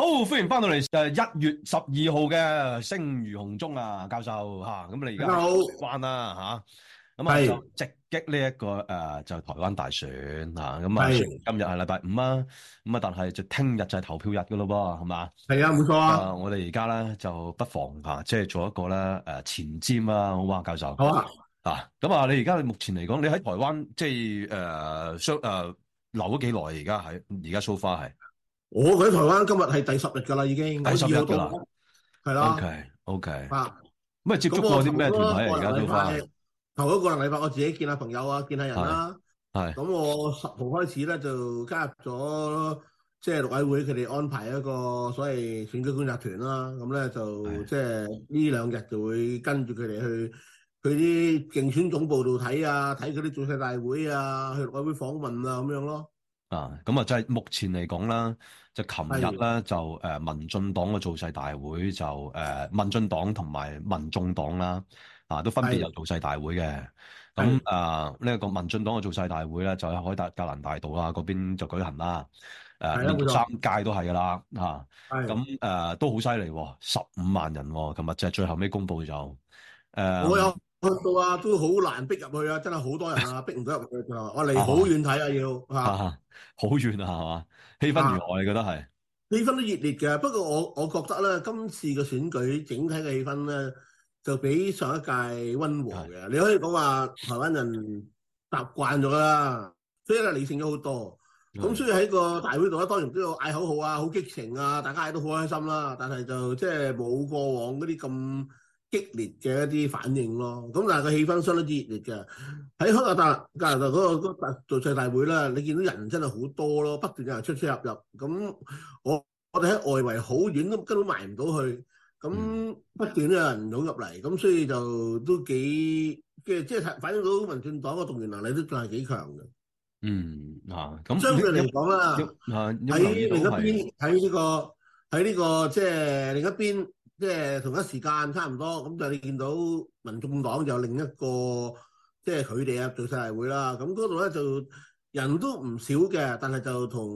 好，歡迎翻到嚟誒！一月十二號嘅聲如洪鐘啊，教授吓，咁、啊、你而家台灣啦、啊、吓，咁 Hello. 啊就直擊呢、這、一個誒、呃、就是、台灣大選吓，咁啊是今日係禮拜五啊，咁啊但係就聽日就係投票日噶咯噃，係嘛？係啊，冇錯啊！啊我哋而家咧就不妨吓、啊，即、就、係、是、做一個咧誒、呃、前瞻啊。好啊，教授。好啊，啊咁啊，你而家你目前嚟講，你喺台灣即係誒商誒留咗幾耐？而家喺而家 so far 係。我喺、哦、台灣今日係第十日噶啦，已經第十日噶啦，係啦。O K，O K，啊，咁啊接觸過啲咩團體啊？而家都翻嚟。頭一個禮拜,拜我自己見下朋友啊，見下人啦、啊。係。咁我十號開始咧就加入咗，即係陸委會佢哋安排一個所謂選舉觀察團啦、啊。咁咧就即係呢兩日就會跟住佢哋去去啲競選總部度睇啊，睇佢啲造勢大會啊，去陸委會訪問啊，咁樣咯。啊，咁啊，即係目前嚟講啦，就琴日咧就誒、呃、民進黨嘅造勢大會就誒、呃、民進黨同埋民眾黨啦，啊都分別有造勢大會嘅。咁啊呢一個民進黨嘅造勢大會咧就喺海達格蘭大道啊嗰邊就舉行啦。誒的，呃、三屆都係噶啦吓，咁、啊、誒的、呃、都好犀利，十五萬人、啊，琴日就係最後尾公布就誒。呃我話都好難逼入去，逼去 啊！真係好多人啊，逼唔到入去啊。我離好遠睇啊，要吓好遠啊，係嘛、啊？氣、啊、氛如何？啊、你覺得係氣氛都熱烈嘅。不過我我覺得咧，今次嘅選舉整體嘅氣氛咧，就比上一屆溫和嘅。的你可以講話台灣人習慣咗啦，所以咧理性咗好多。咁的所以喺個大會度咧，當然都要嗌口號啊，好激情啊，大家都好開心啦。但係就即係冇過往嗰啲咁。激烈嘅一啲反應咯，咁但係個氣氛相當之熱烈嘅。喺加拿大、加拿大嗰個嗰個大造勢大會啦，你見到人真係好多咯，不斷有人出出入入。咁我我哋喺外圍好遠都根本埋唔到去，咁不斷有人湧入嚟，咁所以就都幾嘅，即係反映到民進黨嘅動員能力都仲係幾強嘅。嗯啊，咁相對嚟講啦，啊喺另一邊，喺呢個喺呢個即係另一邊。即係同一時間差唔多咁，就你見到民眾黨就有另一個，即係佢哋啊做曬大會啦。咁嗰度咧就人都唔少嘅，但係就同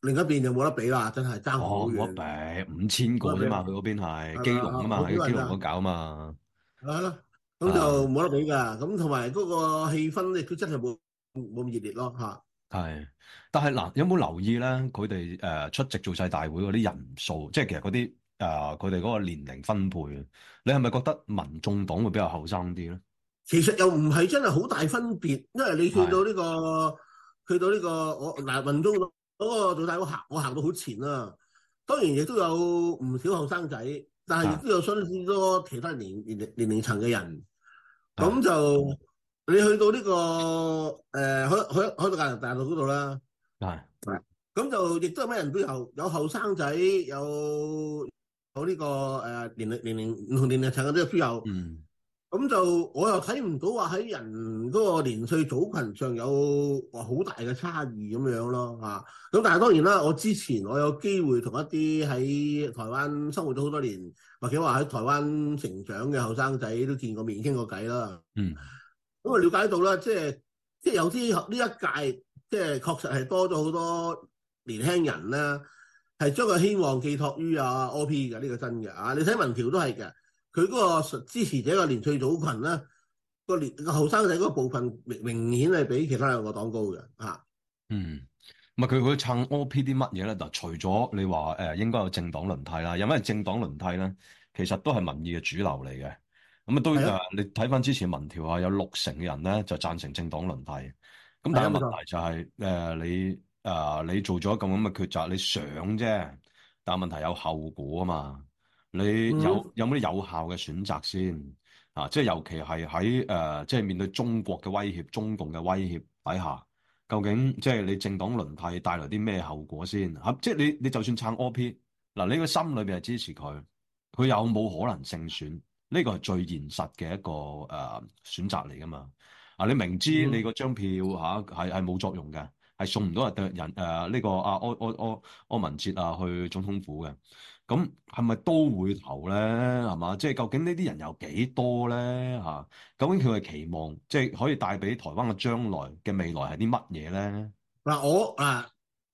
另一邊就冇得比啦，真係爭好遠。哦、冇得比五千個啫嘛，佢嗰邊係基隆啊嘛，喺基隆嗰搞啊嘛，係咯，咁就冇得比㗎。咁同埋嗰個氣氛亦都真係冇冇咁熱烈咯嚇。係，但係嗱，有冇留意咧？佢哋誒出席做晒大會嗰啲人數，即係其實嗰啲。誒，佢哋嗰個年齡分配嘅，你係咪覺得民眾黨會比較後生啲咧？其實又唔係真係好大分別，因為你、這個、是去到呢個，去到呢個，我嗱民眾嗰、那個做代表行，我行到好前啦、啊。當然亦都有唔少後生仔，但係亦都有相當多其他年年齡年齡層嘅人。咁是就是你去到呢、這個，誒、呃，去去去到大大陸嗰度啦，係係是，咁就亦都係咩人背後有後生仔有。有呢、這個誒、呃、年齡年齡同年齡層嘅都有。嗯，咁就我又睇唔到話喺人嗰個年歲組群上有話好大嘅差異咁樣咯，吓、啊、咁但係當然啦，我之前我有機會同一啲喺台灣生活咗好多年，或者話喺台灣成長嘅後生仔都見過面傾過偈啦，嗯，咁啊了解到啦，即係即係有啲呢一屆，即係確實係多咗好多年輕人啦。係將個希望寄託於阿 O P 嘅呢個真嘅啊！你睇民調都係嘅，佢嗰個支持者嘅年歲組群咧，個年後生仔嗰部分明明顯係比其他兩個黨高嘅啊！的嗯，唔佢佢撐 O P 啲乜嘢咧？嗱，除咗你話誒，應該有政黨輪替啦，有咩政黨輪替咧？其實都係民意嘅主流嚟嘅。咁啊都的你睇翻之前民調啊，有六成嘅人咧就贊成政黨輪替。咁但係問題就係、是、誒、呃、你。誒、呃，你做咗咁咁嘅抉擇，你想啫，但係問題有後果啊嘛，你有有冇啲有、有效嘅選擇先、啊、呃、先？啊，即係尤其係喺誒，即係面對中國嘅威脅、中共嘅威脅底下，究竟即係你政黨輪替帶來啲咩後果先？吓，即係你你就算撐柯 P，嗱，你個心裏邊係支持佢，佢有冇可能勝選？呢個係最現實嘅一個誒、呃、選擇嚟噶嘛？啊，你明知你嗰張票吓係係冇作用嘅。係送唔到人，人，呃、呢、這個柯柯柯柯文哲啊去總統府嘅，咁係咪都會投咧？係嘛？即係究竟呢啲人有幾多咧？嚇、啊，究竟佢嘅期望即係可以帶俾台灣嘅將來嘅未來係啲乜嘢咧？嗱、啊，我啊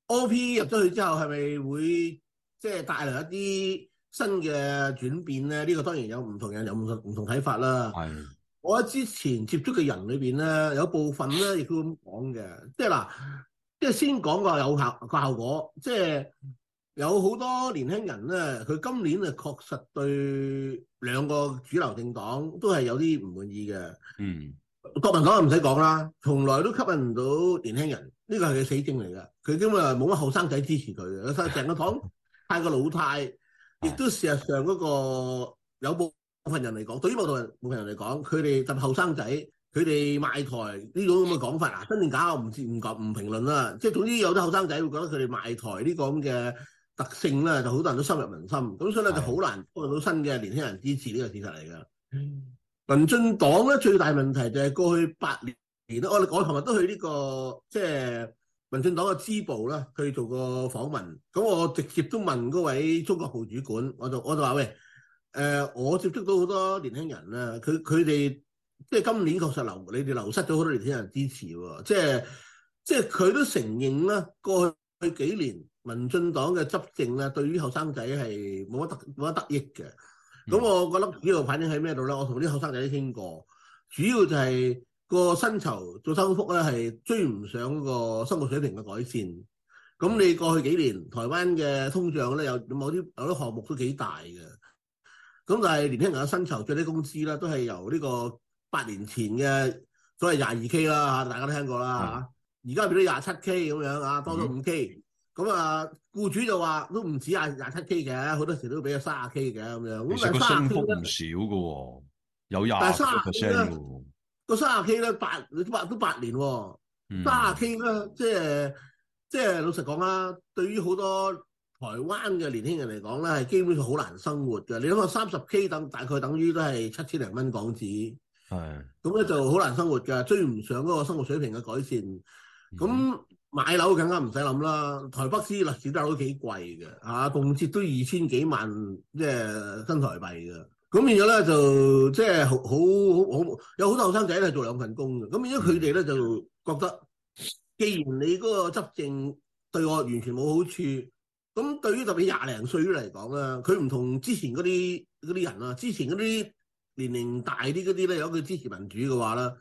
，O P 入咗去之後係咪會即係帶嚟一啲新嘅轉變咧？呢、這個當然有唔同人有唔同唔同睇法啦。係的，我喺之前接觸嘅人裏邊咧，有部分咧亦都咁講嘅，即係嗱。啊即係先講個有效個效果，即係有好多年輕人咧，佢今年啊確實對兩個主流政黨都係有啲唔滿意嘅。嗯，國民黨就唔使講啦，從來都吸引唔到年輕人，呢個係佢死症嚟嘅。佢根本係冇乜後生仔支持佢嘅，成成個黨派個老太，亦都事實上嗰個有部分人嚟講，對於某部分人某部分人嚟講，佢哋特別後生仔。佢哋賣台呢種咁嘅講法啊，真定假我唔知，唔覺唔評論啦，即係總之有啲後生仔會覺得佢哋賣台呢個咁嘅特性啦，就好多人都深入民心，咁所以咧就好難得到新嘅年輕人支持呢、這個事實嚟㗎。民進黨咧最大問題就係過去八年嚟我我琴日都去呢、這個即係、就是、民進黨嘅支部啦，去做個訪問，咁我直接都問嗰位中國部主管，我就我就話喂，誒、呃、我接觸到好多年輕人啦，佢佢哋。即係今年確實流，你哋流失咗好多年輕人支持喎。即係即係佢都承認啦，過去幾年民進黨嘅執政咧，對於後生仔係冇乜冇乜得益嘅。咁、嗯、我覺得主要反映喺咩度咧？我同啲後生仔都傾過，主要就係個薪酬、嘅升幅咧，係追唔上個生活水平嘅改善。咁你過去幾年台灣嘅通脹咧，有某啲有啲項目都幾大嘅。咁就係年輕人嘅薪酬、最低工資呢，都係由呢、呢個。八年前嘅所謂廿二 K 啦，嚇大家都聽過啦嚇。而家變咗廿七 K 咁樣啊，多咗五 K、嗯。咁啊，僱主就話都唔止廿廿七 K 嘅，好多時都俾咗三十 K 嘅咁樣。如果升幅唔少嘅喎、哦，有廿，但係三十 K 咧，個三十 K 咧八你都八都八年喎，三十、嗯、K 咧即係即係老實講啦，對於好多台灣嘅年輕人嚟講咧係基本上好難生活嘅。你諗下，三十 K 等大概等於都係七千零蚊港紙。係，咁咧、嗯、就好難生活噶，追唔上嗰個生活水平嘅改善。咁、嗯、買樓更加唔使諗啦，台北市歷史樓都幾貴嘅，吓、啊，共設都二千幾萬，即、就、係、是、新台幣嘅。咁變咗咧就即係、就是、好好好，有好多後生仔咧做兩份工嘅。咁變咗佢哋咧就覺得，嗯、既然你嗰個執政對我完全冇好處，咁對於特別廿零歲嚟講咧，佢唔同之前嗰啲啲人啦、啊，之前嗰啲。年齡大啲嗰啲咧，如果佢支持民主嘅話啦，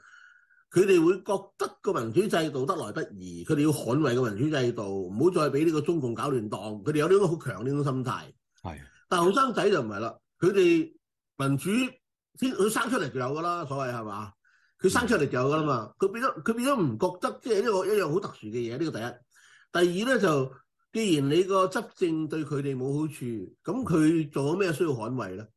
佢哋會覺得個民主制度得來不易，佢哋要捍衛個民主制度，唔好再俾呢個中共搞亂盪。佢哋有呢種好強呢種心態。係的，但係後生仔就唔係啦，佢哋民主天，佢生出嚟就有噶啦，所謂係嘛，佢生出嚟就有噶啦嘛。佢變咗，佢變咗唔覺得，即係呢個一樣好特殊嘅嘢。呢個第一，第二咧就，既然你個執政對佢哋冇好處，咁佢做咗咩需要捍衛咧？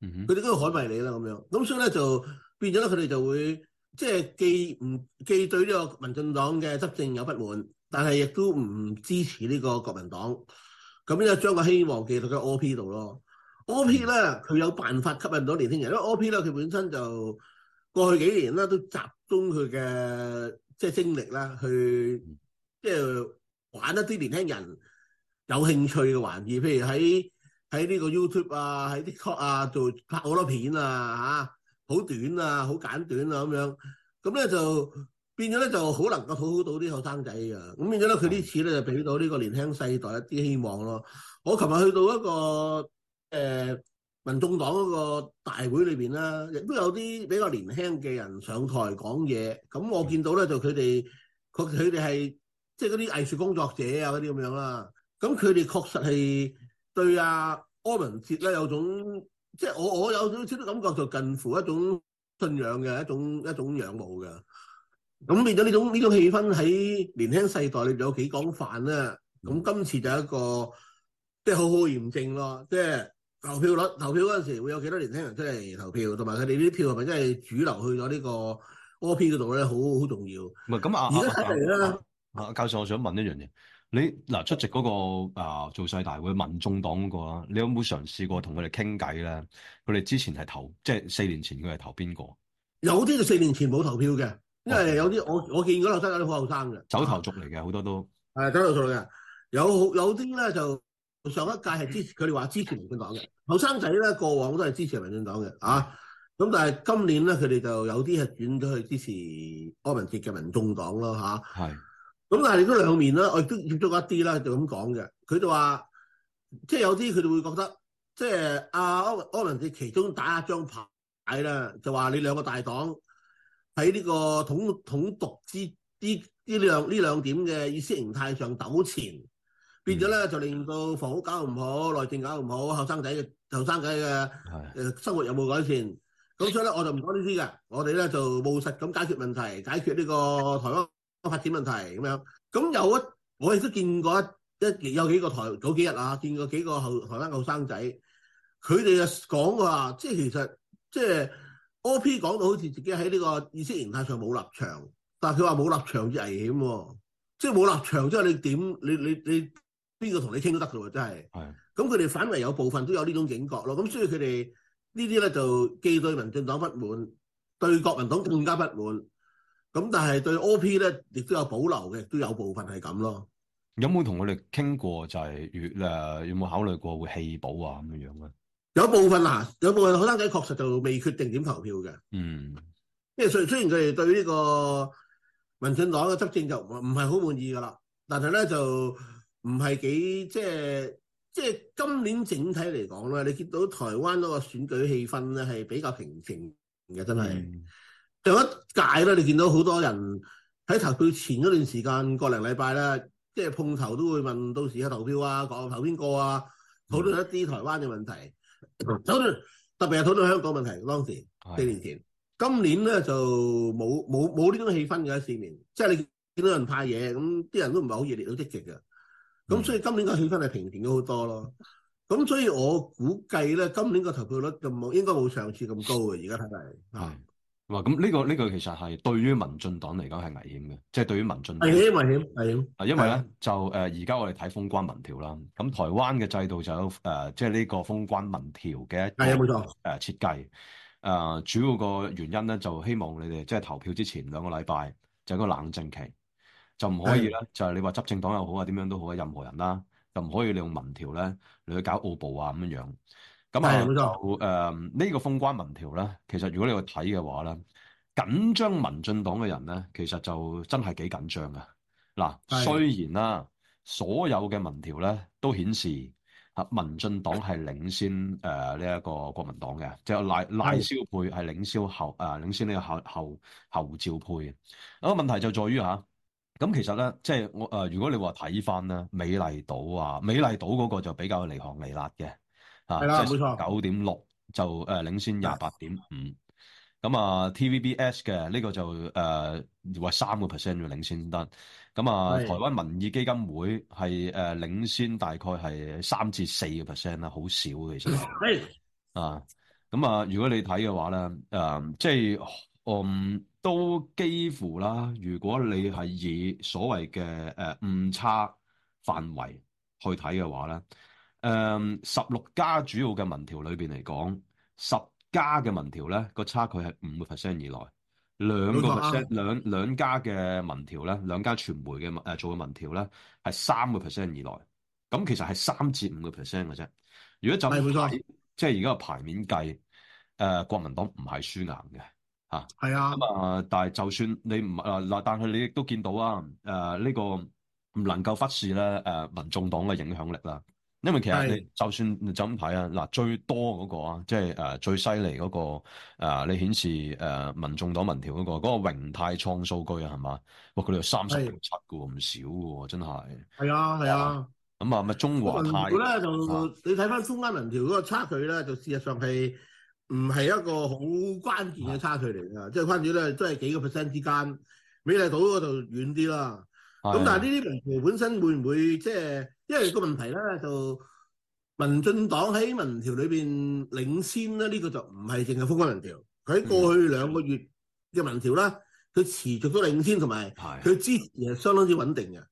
佢哋、嗯、都要海迷你啦，咁樣，咁所以咧就變咗咧，佢哋就會即係、就是、既唔既對呢個民進黨嘅執政有不滿，但係亦都唔支持呢個國民黨，咁咧將個希望寄託喺 OP 度咯。OP 咧，佢、嗯、有辦法吸引到年輕人，因為 OP 咧佢本身就過去幾年咧都集中佢嘅即係精力啦，去即係玩一啲年輕人有興趣嘅玩意，譬如喺。喺呢個 YouTube 啊，喺啲 TikTok 啊做拍好多片啊，嚇好短啊，好簡短啊咁樣。咁咧就變咗咧就好能夠討好到啲後生仔嘅。咁變咗咧，佢呢次咧就俾到呢個年輕世代一啲希望咯。我琴日去到一個誒民眾黨嗰個大會裏邊啦，亦都有啲比較年輕嘅人上台講嘢。咁我見到咧就佢哋，佢佢哋係即係嗰啲藝術工作者啊嗰啲咁樣啦。咁佢哋確實係。對啊，柯文哲咧有種，即係我我有少少感覺就近乎一種信仰嘅一種一種仰慕嘅。咁變咗呢種呢種氣氛喺年輕世代裏邊有幾廣泛咧。咁今次就一個，即係好好驗證咯。即係投票率，投票嗰陣時會有幾多年輕人出嚟投票，同埋佢哋呢啲票係咪真係主流去咗呢個 OP 嗰度咧？好好重要。唔係咁啊，而家睇嚟啦。啊，教授，我想問一樣嘢。你嗱出席嗰、那個啊、呃、造勢大會的民眾黨嗰個啦，你有冇嘗試過同佢哋傾偈咧？佢哋之前係投，即、就、係、是、四年前佢係投邊個？有啲就四年前冇投票嘅，因為有啲、哦、我我見嗰度真都好後生嘅，首投族嚟嘅好多都係首投族嚟嘅，有有啲咧就上一屆係支持佢哋話支持民進黨嘅後生仔咧，過往都係支持民進黨嘅啊，咁但係今年咧佢哋就有啲係轉咗去支持柯文哲嘅民眾黨咯吓。係、啊。咁但係你呢兩年啦，我亦都接觸一啲啦，就咁講嘅。佢就話，即係有啲佢哋會覺得，即係阿柯文嘅其中打一張牌啦，就話你兩個大黨喺呢個統統獨之呢呢兩呢兩點嘅意識形態上糾纏，變咗咧就令到房屋搞唔好，內政搞唔好，後生仔嘅後生仔嘅誒生活有冇改善？咁的所以咧我就唔講呢啲嘅，我哋咧就務實咁解決問題，解決呢個台灣發展問題咁樣，咁有一我亦都見過一一有幾個台早幾日啊，見過幾個後台灣後生仔，佢哋啊講話，即係其實即係 OP 講到好似自己喺呢個意識形態上冇立場，但係佢話冇立場就危險喎，即係冇立場即係你點你你你邊個同你傾都得㗎喎，真係。係的。咁佢哋反為有部分都有呢種警覺咯，咁所以佢哋呢啲咧就既對民進黨不滿，對國民黨更加不滿。咁但係對 OP 咧，亦都有保留嘅，都有部分係咁咯。有冇同我哋傾過？就係、是、越誒有冇考慮過會棄保啊？咁嘅樣咧，有部分啊，有部分學生仔確實就未決定點投票嘅。嗯，即係雖雖然佢哋對呢個民進黨嘅執政就唔唔係好滿意噶啦，但係咧就唔係幾即係即係今年整體嚟講咧，你見到台灣嗰個選舉氣氛咧係比較平靜嘅，真係。嗯上一屆咧，你見到好多人喺投票前嗰段時間個零禮拜啦，即係碰頭都會問到時啊投票啊，講投邊個啊，討論一啲台灣嘅問題，討、嗯、特別係討論香港問題。當時四年前，的今年咧就冇冇冇呢種氣氛嘅。喺市面，即係你見到人派嘢，咁啲人都唔係好熱烈好積極嘅。咁、嗯、所以今年個氣氛係平靜咗好多咯。咁所以我估計咧，今年個投票率就冇應該冇上次咁高嘅。而家睇嚟，啊。哇！咁呢個呢個其實係對於民進黨嚟講係危險嘅，即係對於民進黨危險，危險因為咧的就誒而家我哋睇封關民調啦。咁台灣嘅制度就有誒，即係呢個封關民調嘅係誒設計誒，主要個原因咧就希望你哋即係投票之前兩個禮拜就一個冷靜期，就唔可以的就係你話執政黨又好啊，點樣都好啊，任何人啦，就唔可以利用民調咧嚟去搞奧步啊咁樣樣。咁啊就呢個封關民調咧，其實如果你去睇嘅話咧，緊張民進黨嘅人咧，其實就真係幾緊張啊！嗱，的雖然啦，所有嘅民調咧都顯示民進黨係領先誒呢一個國民黨嘅，就賴賴蕭配係領先後誒、呃、先呢、呢個侯侯侯趙配嘅。一個問題就在於嚇，咁其實咧，即係我、呃、如果你話睇返咧，美麗島啊，美麗島嗰個就比較離行離辣嘅。係啦，冇錯，九點六就誒、呃、領先廿八點五，咁啊 TVBS 嘅呢、這個就誒話三個 percent 要領先得，咁啊的台灣民意基金會係誒、呃、領先大概係三至四個 percent 啦，好少嘅、啊。其實，的啊咁啊如果你睇嘅話咧，誒、呃、即係嗯都幾乎啦，如果你係以所謂嘅誒誤差範圍去睇嘅話咧。誒十六家主要嘅民調裏邊嚟講，十家嘅民調咧個差距係五個 percent 以內，錯兩個 percent 兩兩家嘅民調咧，兩家傳媒嘅誒、呃、做嘅民調咧係三個 percent 以內，咁其實係三至五個 percent 嘅啫。如果錯就即係而家個排面計，誒、呃、國民黨唔係輸硬嘅嚇，係啊嘛的、嗯。但係就算你唔誒、呃，但係你亦都見到啊誒呢、呃呢個唔能夠忽視咧誒、呃、民眾黨嘅影響力啦。因為其實你就算就咁睇啊，嗱的最多嗰個啊，即係誒最犀利嗰個你顯示誒民眾黨民調嗰個，嗰個榮泰創數據係嘛？哇，佢哋有三十點七個唔少喎，真係。係啊係啊。咁啊，咪、嗯、中華泰。民調咧就的你睇翻中間民調嗰個差距咧，就事實上係唔係一個好關鍵嘅差距嚟噶？即係的反正咧都係幾個 percent 之間。美麗島嗰度遠啲啦。咁的但係呢啲民調本身會唔會即係？就是因為個問題咧，就民進黨喺民調裏邊領先啦，呢、這個就唔係淨係風光民調。佢喺過去兩個月嘅民調啦，佢持續都領先，同埋佢支持係相當之穩定嘅，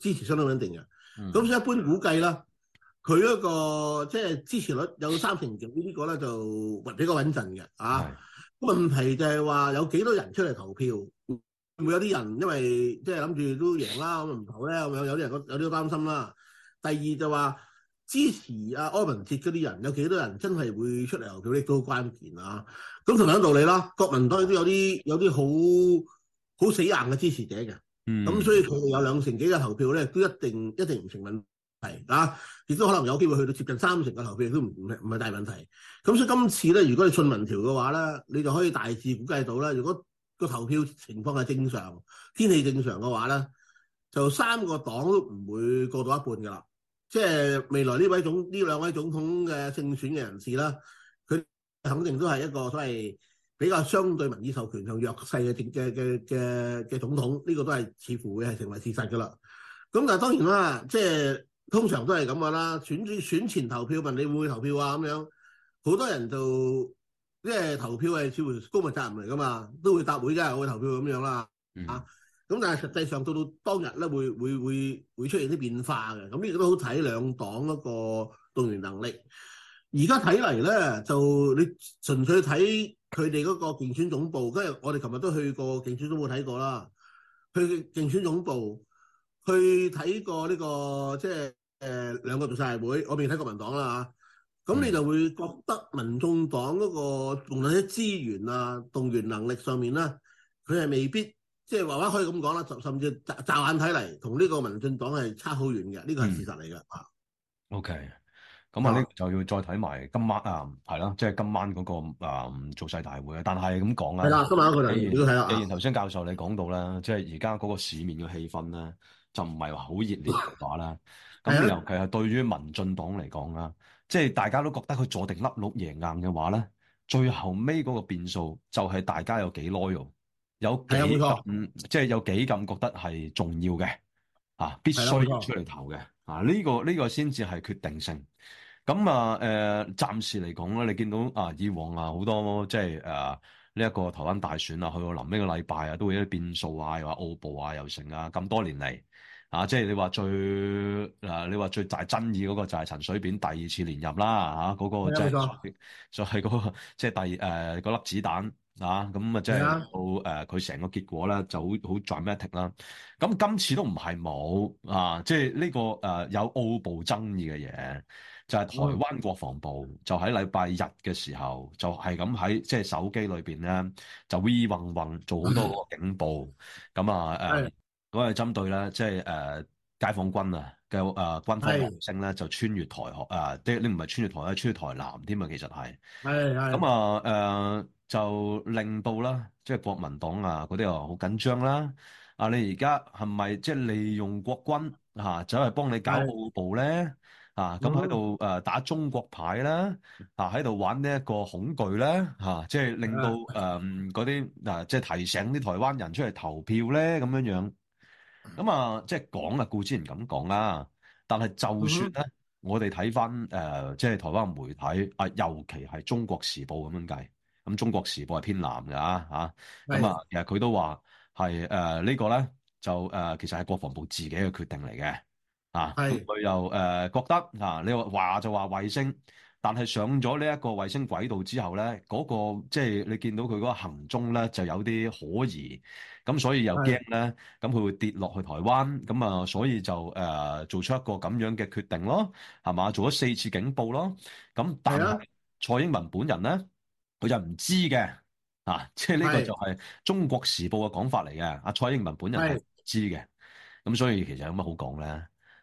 支持相當穩定嘅。咁、嗯、所以一般估計啦，佢一個即係支持率有三成幾呢個咧，就比較穩陣嘅啊。咁是問題就係話有幾多人出嚟投票？會唔會有啲人因為即係諗住都贏啦，咁唔投咧？係咪有啲人有啲擔心啦？第二就話支持阿柯文哲嗰啲人有幾多人真係會出嚟投票都好關鍵啊。咁同樣道理啦，國民黨亦都有啲有啲好好死硬嘅支持者嘅。咁、嗯、所以佢有兩成幾嘅投票咧，都一定一定唔成問題啊。亦都可能有機會去到接近三成嘅投票都唔唔係大問題。咁所以今次咧，如果你信民調嘅話咧，你就可以大致估計到咧，如果個投票情況係正常，天氣正常嘅話咧，就三個黨都唔會過到一半噶啦。即係未來呢位總呢兩位總統嘅勝選嘅人士啦，佢肯定都係一個所謂比較相對民意授權同弱勢嘅嘅嘅嘅嘅總統，呢、這個都係似乎會係成為事實噶啦。咁但係當然啦，即係通常都係咁嘅啦，選選前投票問你會唔會投票啊？咁樣好多人就即係投票係似乎公民責任嚟噶嘛，都會答會啫，我會投票咁樣啦。嗯。咁但係實際上到到當日咧，會會會會出現啲變化嘅。咁呢個都好睇兩黨嗰個動員能力。而家睇嚟咧，就你純粹睇佢哋嗰個競選總部，跟住我哋琴日都去過競選總部睇過啦。去競選總部去睇過呢、這個即係誒兩個造勢會，我未睇國民黨啦嚇。咁你就會覺得民眾黨嗰個無論喺資源啊、動員能力上面咧，佢係未必。即係話話可以咁講啦，甚至驟驟眼睇嚟，同呢個民進黨係差好遠嘅，呢個係事實嚟嘅啊，OK，咁啊，呢就要再睇埋今晚啊，係啦、嗯，即係、啊就是、今晚嗰、那個啊、嗯、造勢大會啊。但係咁講咧，係啦，今晚嗰個言都睇啦。既然頭先、啊啊、教授你講到啦，即係而家嗰個市面嘅氣氛咧，就唔係話好熱烈嘅話啦。咁、啊、尤其係對於民進黨嚟講啦，啊、即係大家都覺得佢坐定粒六贏硬嘅話咧，最後尾嗰個變數就係大家有幾耐喎。有幾咁即係有幾咁覺得係重要嘅啊，必須出嚟投嘅啊！呢個呢個先至係決定性。咁啊誒，暫時嚟講咧，你見到啊，以往很、就是、啊好多即係啊呢一個台灣大選啊，去到臨尾個禮拜啊，都會有變數啊，又話奧步啊，又成啊。咁多年嚟啊，即、就、係、是啊、你話最嗱你話最大爭議嗰個就係陳水扁第二次連任啦嚇，嗰、啊嗰個即係就係即係第誒嗰粒子彈。啊，咁啊、呃、啊，啊，即係好、這個，誒佢成個結果咧，就好好 dramatic 啦。咁今次都唔係冇啊，即係呢個誒有澳部爭議嘅嘢，就係、是、台灣國防部就喺禮拜日嘅時候，就係咁喺即係手機裏邊咧，就 we 揾揾做好多嗰個警報。咁的啊誒，嗰個針對咧，即係誒街防軍啊嘅誒軍方號聲咧，就穿越台學啊、呃呃，你你唔係穿越台，呃、穿越台南添啊，其實係係咁啊誒。呃就令到啦，即係國民黨啊嗰啲又好緊張啦。啊，你而家係咪即係利用國軍吓走去幫你搞暴動咧？啊的，咁喺度誒打中國牌啦，喺度玩呢一個恐懼咧，吓即係令到誒嗰啲嗱即係提醒啲台灣人出嚟投票咧，咁樣樣。咁啊，即係講啊，顧之然咁講啦。但係就算咧，我哋睇翻誒，即係台灣媒體啊，尤其係《中國時報》咁樣計。咁《中國時報》係偏藍㗎，嚇咁啊。其實佢都話係誒呢個咧，就誒其實係國防部自己嘅決定嚟嘅的啊。佢又誒、呃、覺得啊，你話話就話衛星，但係上咗呢一個衛星軌道之後咧，嗰、那個即係、就是、你見到佢嗰個行蹤咧，就有啲可疑咁，所以又驚咧，咁佢的會跌落去台灣咁啊，所以就誒、呃、做出一個咁樣嘅決定咯，係嘛？做咗四次警報咯，咁但係的蔡英文本人咧？佢就唔知嘅，啊，即係呢個就係《中國時報的的》嘅講法嚟嘅。阿蔡英文本人唔知嘅，咁的所以其實有乜好講咧？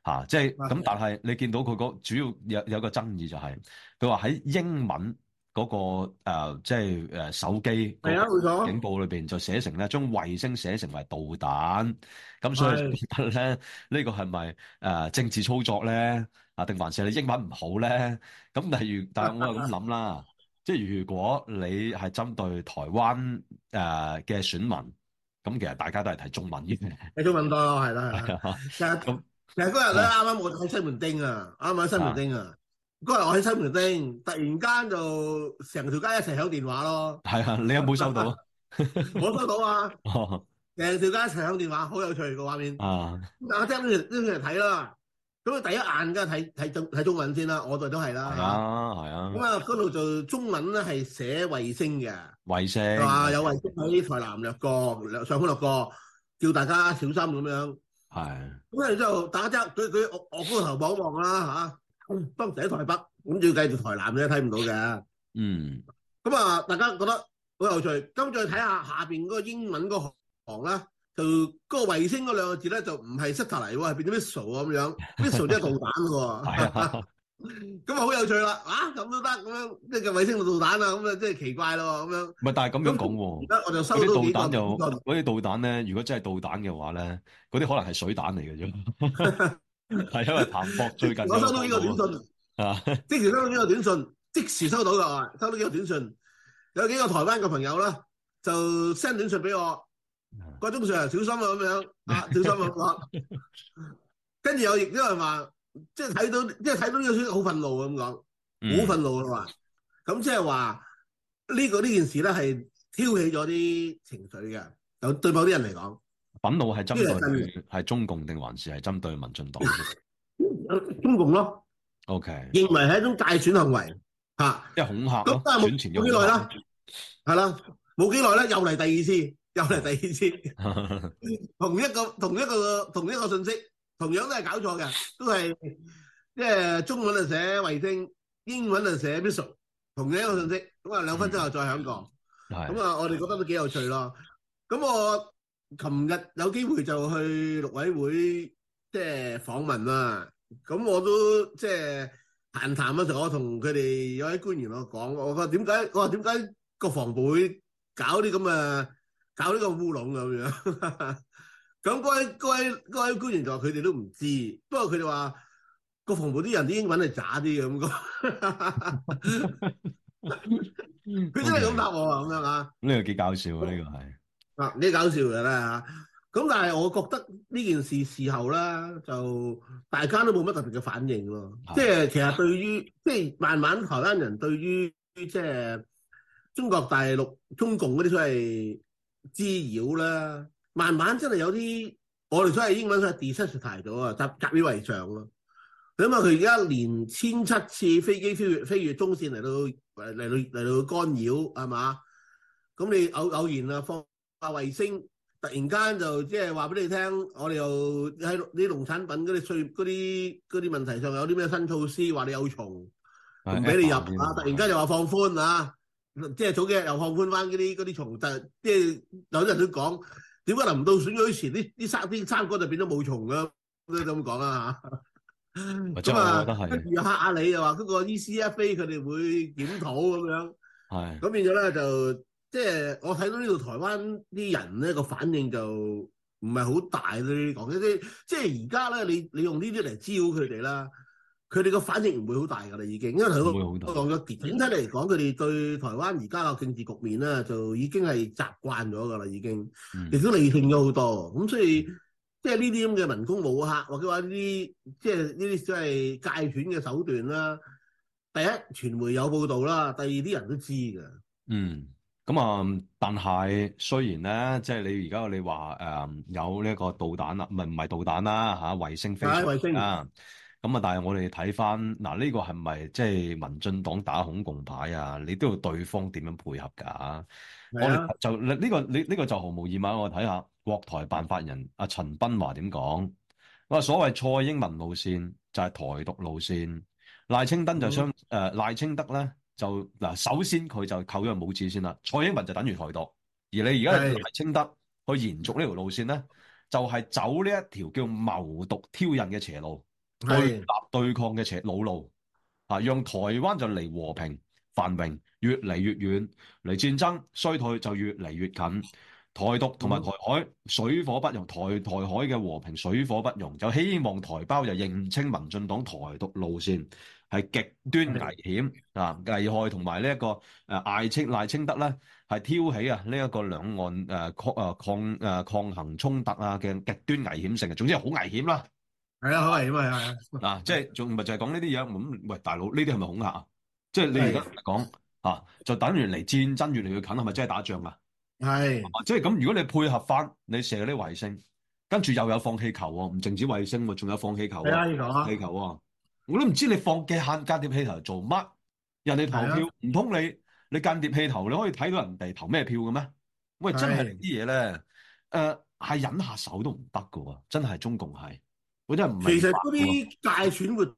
吓、啊，即係咁。是的但係你見到佢嗰主要有有一個爭議就係、是，佢話喺英文嗰、那個誒、呃，即係誒手機警報裏邊就寫成咧將衛星寫成為導彈，咁所以佢覺得咧呢是的個係咪誒政治操作咧？啊，定還是你英文唔好咧？咁例如，但係我又咁諗啦。 即係如果你係針對台灣誒嘅選民，咁其實大家都係睇中文嘅，睇中文多咯，係啦。成日成日嗰日咧，啱啱那的我喺西門町啊，啱啱西門町啊，嗰日的我喺西門町，突然間就成條街一齊響電話咯。係啊，你有冇收到？但 我收到啊。成條 街一齊響電話好有趣個畫面。啊的！咁大家嚟睇啦。咁佢第一眼嘅睇睇中睇中文先，也是啦，我哋都係啦，啊，係啊。咁啊，嗰度、啊、就中文咧係寫衛星嘅，衛星，係有衛星喺台南掠過，上空掠過，叫大家小心咁樣。係。咁啊，之後大家佢佢我我高頭望一望啦、啊、吓、啊。當時喺台北，咁仲要繼續台南，你睇唔到嘅。嗯。咁啊，大家覺得好有趣，咁再睇下下邊嗰個英文個行啦。就、嗰個衛星嗰兩個字咧，就唔係斯特尼喎，係變咗 Missile 啊咁樣？Missile 即係 導彈喎？咁啊好有趣啦！啊咁都得，咁樣即係衛星做導彈啊，咁啊真係奇怪咯咁樣。唔係，但係咁樣講喎。而家我就收到幾啲導彈就嗰啲導彈咧，如果真係導彈嘅話咧，嗰啲可能係水彈嚟嘅啫。係 因為彭博最近。 我收到呢個短信。啊， 即時收到呢個短信，即時收到㗎。收到幾個短信，有幾個台灣嘅朋友啦，就 send 短信俾我。郭忠上小心啊，咁樣啊，小心咁，啊，講。啊、 跟住又亦都有人話，即係睇到，即係睇到呢啲好憤怒咁講，好憤、嗯、怒嘅話，咁即係話呢個呢件事咧係挑起咗啲情緒嘅，有對某啲人嚟講，憤怒係針對係中共定還是係針對民進黨？ 中共咯。OK。認為係一種大選行為吓，即，啊，係恐嚇。咁但係冇幾耐啦，係啦，冇幾耐咧，又嚟第二次。又嚟第二次，同一個同一個同一個信息，同樣都係搞錯嘅，都係即係中文就寫衛星，英文就寫 missile，同樣一個信息。咁啊，兩分鐘後再響過。咁啊，我哋覺得都幾有趣咯。咁我琴日有機會就去陸委會即係訪問啦。咁我都即係閒談嗰陣，我同佢哋有位官員我講，我話點解？我話點解國防部會搞啲咁啊？搞呢個烏龍啊！咁樣咁，嗰位嗰位嗰位官員就話佢哋都唔知，不過佢哋話國防部啲人啲英文係渣啲嘅咁講，佢 真係咁答我啊！咁 Okay. 樣啊？呢個幾搞笑啊！呢個係啊，幾搞笑噶啦，吓。咁 但係我覺得呢件事事後啦，就大家都冇乜特別嘅反應咯。即係 其實對於即係慢慢台灣人對於即係中國大陸中共嗰啲都係。滋擾啦，慢慢真係有啲我哋所謂英文所謂 disconnect 排啊，隔離為上咯。你諗佢而家連千七次飛機飛越飛越中線嚟到嚟到嚟到干擾係嘛？咁你偶偶然啊放啊衛星，突然間就即係話俾你聽，我哋又喺啲農產品嗰啲稅啲啲問題上有啲咩新措施，話你有蟲唔俾你入啊，突然間又話放寬啊！即係早幾日，又擴寬翻嗰啲嗰啲蟲，但係即係有啲人都講，點解臨唔到選舉前，呢呢三呢三個就變咗冇蟲㗎？都就咁講啊！咁 啊，跟住你又話嗰個 ECFA 佢哋會檢討咁樣，係咁的變咗咧就即係我睇到呢度台灣啲人咧個反應就唔係好大咯。講、就、啲、是、即即係而家咧，你你用這些來他們呢啲嚟招佢哋啦。佢哋個反應唔會好大㗎啦，已經，因為佢個整體嚟講，佢哋對台灣而家嘅政治局面咧，就已經係習慣咗㗎啦，已經，亦都理性咗好多。咁、嗯、所以，嗯、即係呢啲咁嘅文攻武嚇或者話呢啲，即係呢啲即係介斷嘅手段啦。第一，傳媒有報道啦，第二啲人都知㗎。嗯，咁啊，但係雖然咧，即、就、係、是、你而家你話誒、呃、有呢一個導彈啦，唔係唔係導彈啦，嚇、啊，衛星飛衛星啊。咁啊！但係我哋睇翻嗱，呢個係咪即係民進黨打恐共牌啊？你都要對方點樣配合㗎、啊？是啊、我就呢、這個，你、這、呢、個、就毫無疑問。我睇下國台辦法人阿陳斌華點講。我所謂蔡英文路線就係、是、台獨路線，賴清德就相誒、嗯呃、賴清德咧就嗱，首先佢就扣咗個帽子先啦。蔡英文就等於台獨，而你而家係賴清德是的 去延續呢條路線咧，就係、是、走呢一條叫謀獨挑釁嘅斜路。對立對抗嘅邪老路,路，啊，讓台灣就離和平繁榮越嚟越遠，離戰爭衰退就越嚟越近。台獨同埋台海水火不容，台台海嘅和平水火不容。就希望台胞就認清民進黨台獨路線係極端危險啊，的危害同埋呢一個誒賴清賴清德咧係挑起啊呢一個兩岸誒、呃、抗誒、呃、抗誒、呃抗,呃、抗衡衝突啊嘅極端危險性啊，總之係好危險啦。係啊，可能因為係啊，嗱，即係仲唔係就係講呢啲嘢？咁喂，大佬，呢啲係咪恐嚇啊？即係你而家講吓，就等於嚟戰爭，越嚟越近，係咪真係打仗啊？係，即係咁。如果你配合翻你射啲衛星，跟住又有放氣球喎，唔淨止衛星喎，仲有放氣球。咩氣球啊？我都唔知你放嘅限間諜氣球做乜？人哋投票唔通你你間諜氣球，你可以睇到人哋投咩票嘅咩？喂，真係啲嘢咧，誒，係忍下手都唔得噶，真係中共係。真其實嗰啲大選活動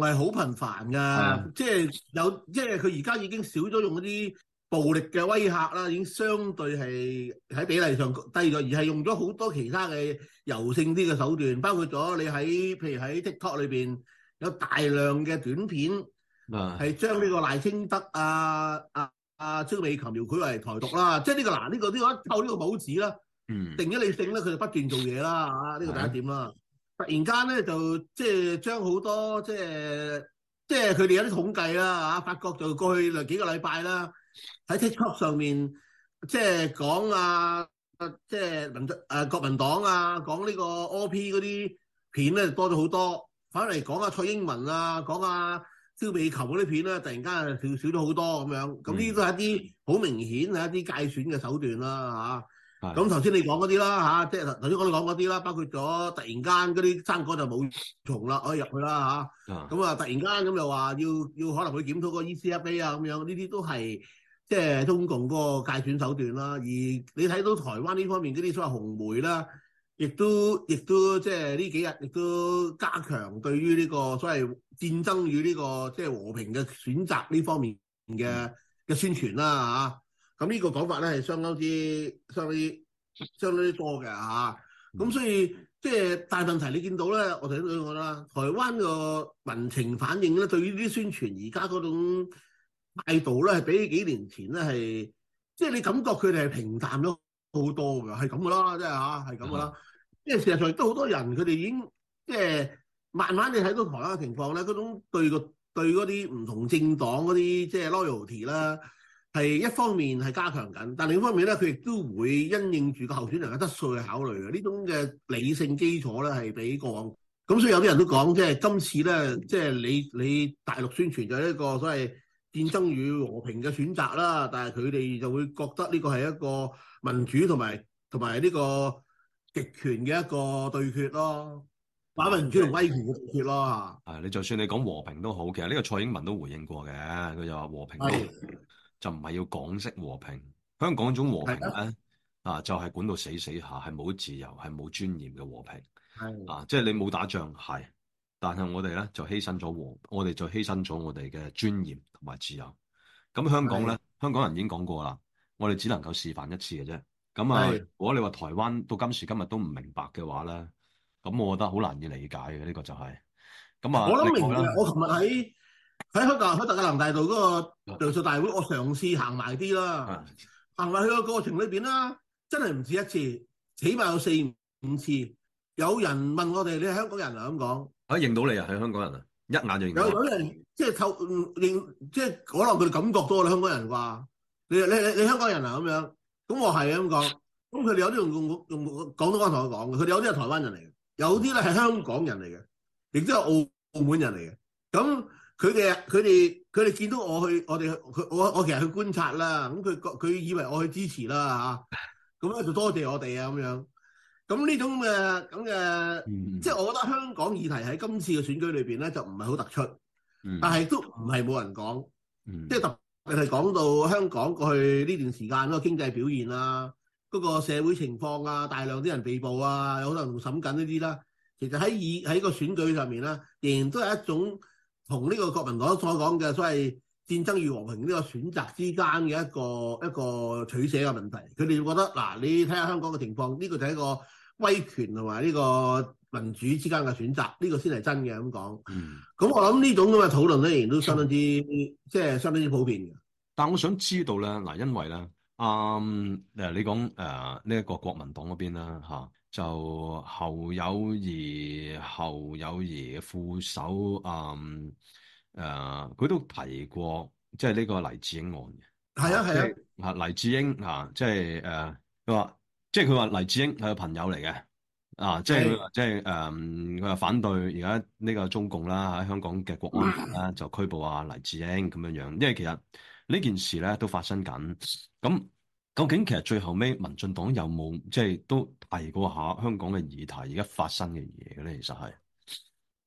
係好頻繁噶的，即係有即係佢而家已經少咗用嗰啲暴力嘅威嚇啦，已經相對係喺比例上低咗，而係用咗好多其他嘅柔性啲嘅手段，包括咗你喺譬如喺 TikTok 裏邊有大量嘅短片，係將呢個賴清德啊啊啊蕭美琴，描繪為台獨啦，即係呢、這個嗱呢、這個呢、這個扣呢、這個、個帽子啦，嗯，定咗你性咧，佢就不斷做嘢啦吓，呢個第一點啦。突然間咧，就即係將好多即係即係佢哋有啲統計啦嚇，發覺就過去嚟幾個禮拜啦，喺 TikTok 上面即係講啊，即係林卓啊國民黨啊，講呢個 OP 嗰啲片咧多咗好多，反嚟講下蔡英文啊，講下蕭美琴嗰啲片咧，突然間少少咗好多咁樣，咁呢啲都係一啲好明顯係一啲界選嘅手段啦嚇。啊咁頭先你講嗰啲啦嚇，即係頭頭先我哋講嗰啲啦，包括咗突然間嗰啲生果就冇蟲啦，可以入去啦嚇。咁啊，啊突然間咁又話要要可能會檢討個 ECFA 啊，咁樣呢啲都係即係中共個個界選手段啦、啊。而你睇到台灣呢方面嗰啲所謂紅媒啦，亦都亦都即係呢幾日亦都加強對於呢個所謂戰爭與呢、呢個即係、即係、和平嘅選擇呢方面嘅嘅宣傳啦、啊啊咁呢個講法咧係相當之、相當之、相當之多嘅嚇。咁、嗯、所以即係、就是、大問題，你見到咧，我哋都講啦，台灣個民情反應咧，對於啲宣傳而家嗰種態度咧，係比幾年前咧係，即係、就是、你感覺佢哋係平淡咗好多㗎，係咁㗎啦，即係吓，係咁㗎啦。即係、嗯、事實上都好多人，佢哋已經即係、就是、慢慢你睇到台灣嘅情況咧，嗰種對個對嗰啲唔同政黨嗰啲即係 loyalty 啦、嗯。係一方面係加強緊，但另一方面咧，佢亦都會因應住個候選人嘅質素去考慮嘅。呢種嘅理性基礎咧係比過往。咁所以有啲人都講，即係今次咧，即係你你大陸宣傳就係一個所謂戰爭與和平嘅選擇啦。但係佢哋就會覺得呢個係一個民主同埋同埋呢個極權嘅一個對決咯，把民主同威權嘅對決咯。係你就算你講和平都好，其實呢個蔡英文都回應過嘅，佢就話和平。就唔係要港式和平，香港種和平咧的啊，就係、是、管到死死下，係冇自由，係冇尊嚴嘅和平。的啊，即、就、係、是、你冇打仗係，但係我哋咧就犧牲咗和，我哋就犧牲咗我哋嘅尊嚴同埋自由。咁香港咧，的香港人已經講過啦，我哋只能夠示範一次嘅啫。咁啊，的如果你話台灣到今時今日都唔明白嘅話咧，咁我覺得好難以理解嘅呢、這個就係、是。咁啊，我都明白，我琴日喺。喺香港喺凱達格蘭大道嗰個梁祝大會，啊、我嘗試行埋啲啦，行埋、啊、去個過程裏邊啦，真係唔止一次，起碼有四五次，有人問我哋：你係香港人啊咁講，啊認到你啊，係香港人啊，一眼就認到。有有人即係透認，即、就、係、是、可能佢哋感覺到我哋香港人啩？你你你你香港人啊咁樣？咁我係咁講，咁佢哋有啲用用用廣東話同我講嘅，佢哋有啲係台灣人嚟嘅，有啲咧係香港人嚟嘅，亦都係澳澳門人嚟嘅，咁。佢哋佢哋佢哋見到我去，我哋佢我我其實去觀察啦。咁佢佢以為我去支持啦嚇。咁、啊、咧就多謝我哋啊咁樣。咁呢種嘅咁嘅，即係我覺得香港議題喺今次嘅選舉裏邊咧，就唔係好突出。但係都唔係冇人講。嗯、即係特別係講到香港過去呢段時間嗰個經濟表現啊，嗰、嗰個社會情況啊，大量啲人被捕啊，有好多人審緊呢啲啦。其實喺議喺個選舉上面咧，仍然都係一種。同呢個國民黨所講嘅，所謂戰爭與和平呢個選擇之間嘅一個一個取捨嘅問題，佢哋會覺得嗱，你睇下香港嘅情況，呢、這個就係一個威權同埋呢個民主之間嘅選擇，呢、這個先係真嘅咁講。咁、嗯、我諗呢種咁嘅討論咧，仍然都相當之、嗯、即係相當之普遍嘅。但我想知道咧，嗱，因為咧，啱、嗯、誒，你講誒呢一個國民黨嗰邊啦，嚇、啊。就侯友宜、侯友宜副手，嗯、佢、呃、都提過，即係呢個黎智英案嘅。啊，係、就、啊、是，呃就是、他黎智英啊，即係誒，佢話，即佢黎智英係個朋友嚟嘅，啊，即係即佢反對而家呢個中共啦，喺香港嘅國安法啦，哇就拘捕啊黎智英咁樣樣。因為其實呢件事咧都發生緊，咁、嗯。究竟其實最後尾民進黨有冇即係都提過一下香港嘅議題而家發生嘅嘢嘅咧？其實係